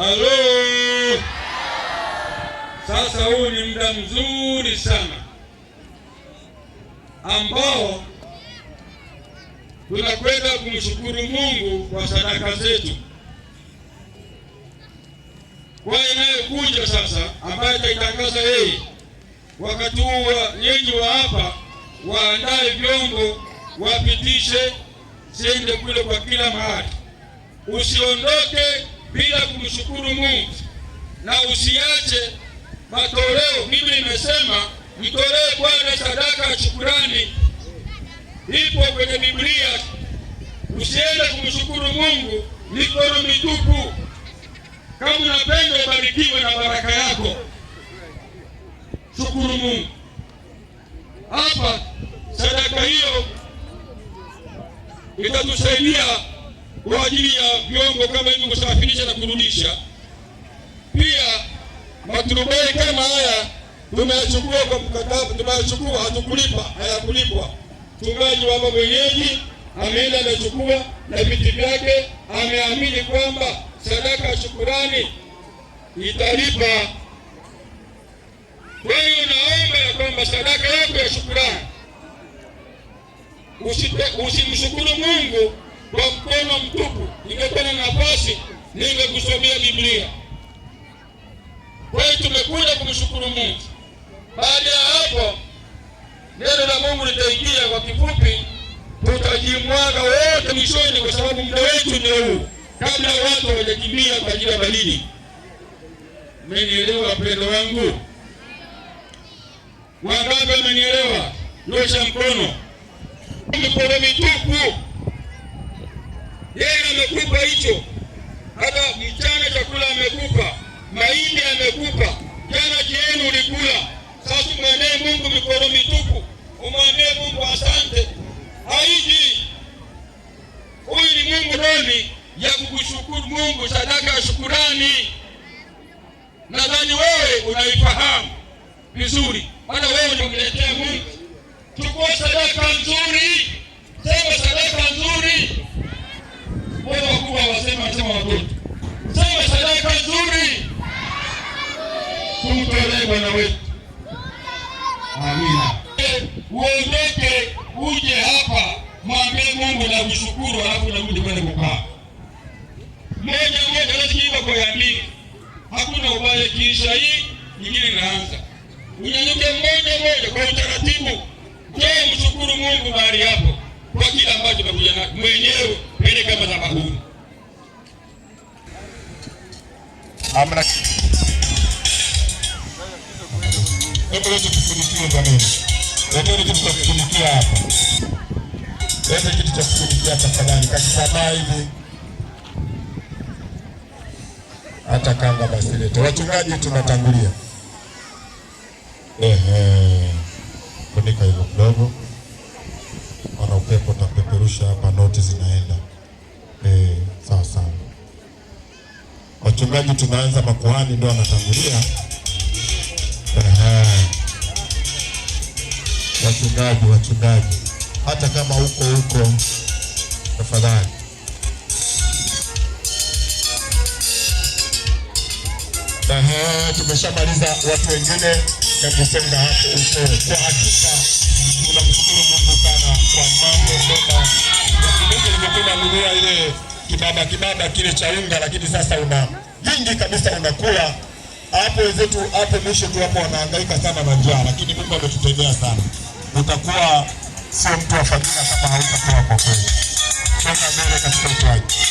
Halo, sasa huu ni muda mzuri sana ambao tunakwenda kumshukuru Mungu kwa sadaka zetu kwa inayokuja sasa, ambaye ataitangaza yeye. Wakati huu nyinyi wa hapa waandae vyombo, wapitishe ziende kule kwa kila mahali, usiondoke bila kumshukuru Mungu, na usiache matoleo. Mimi nimesema mtolee Bwana sadaka ya shukurani, ipo kwenye Biblia. Usiende kumshukuru Mungu mikono mitupu. Kama unapenda ubarikiwe na baraka yako, shukuru Mungu. Hapa sadaka hiyo itatusaidia kwa ajili ya vyombo kama hivi kusafirisha na kurudisha. Pia maturubai kama haya tumeyachukua kwa mkataba, tumeyachukua hatukulipa, hayakulipwa. Mchungaji wa hapa mwenyeji ameenda anachukua na viti vyake, ameamini kwamba sadaka ya shukurani italipa. Kwa hiyo naomba ya kwamba sadaka yako ya shukurani usimshukuru Mungu kusomea Biblia. Kwa hiyo tumekuja kumshukuru Mungu. Baada ya hapo, neno la Mungu litaingia kwa kifupi, tutajimwaga wote mwishoni, kwa sababu muda wetu ni huu, kabla watu hawajakimbia kwa ajili ya baridi. Mmenielewa wapendo wangu? Wangapi wamenielewa? Nyosha mkono. Mikono mitupu, yeye amekupa hicho kama mchana chakula amekupa, mahindi amekupa, jana jioni ulikula. Sasa umwendee Mungu mikono mitupu, umwendee Mungu asante. Haiji huyu ni Mungu roni ya kukushukuru Mungu, sadaka ya shukurani. Nadhani wewe unaifahamu vizuri, hata wewe mletea Mungu. Chukua sadaka nzuri wanasema wagonjwa. Sema sadaka nzuri tumtolee Bwana wetu. Amina. Uondoke uje hapa, mwambie Mungu na kushukuru, alafu narudi kwenda kukaa. Moja moja lazima Hakuna ubaya kiisha hii nyingine inaanza. Unyanyuke moja moja kwa utaratibu. mshukuru Mungu mahali hapo kwa kila ambacho nacho mwenyewe, kama amna hapa. Hebu kitu Hata kanga basi lete. Wachungaji tunatangulia. Ehe. Funika hilo kidogo. Wana upepo utapeperusha hapa, noti zinaenda. wachungaji tunaanza, makuhani ndio wanatangulia. Wachungaji, wachungaji, hata kama huko huko, tafadhali tumeshamaliza. Watu wengine nakusenga hapo huko. Kwa hakika tunamshukuru Mungu sana kwa mambo mema ya Mungu. Nilikuwa ile kibaba kibaba kile cha unga, lakini sasa una vingi kabisa unakula hapo. Wenzetu hapo mwisho tu hapo wanahangaika sana na njaa, lakini Mungu ametutendea sana. Utakuwa sio mtu wa familia kama hautakuwa kwa kweli. Songa mbele katika utoaji.